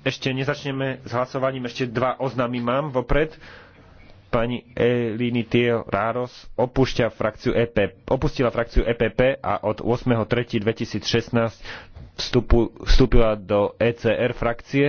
Ešte nezačneme s hlasovaním, ešte dva oznamy mám vopred. Pani Elini Tio Ráros opúšťa frakciu EP, opustila frakciu EPP a od 8.3.2016 vstúpila do ECR frakcie.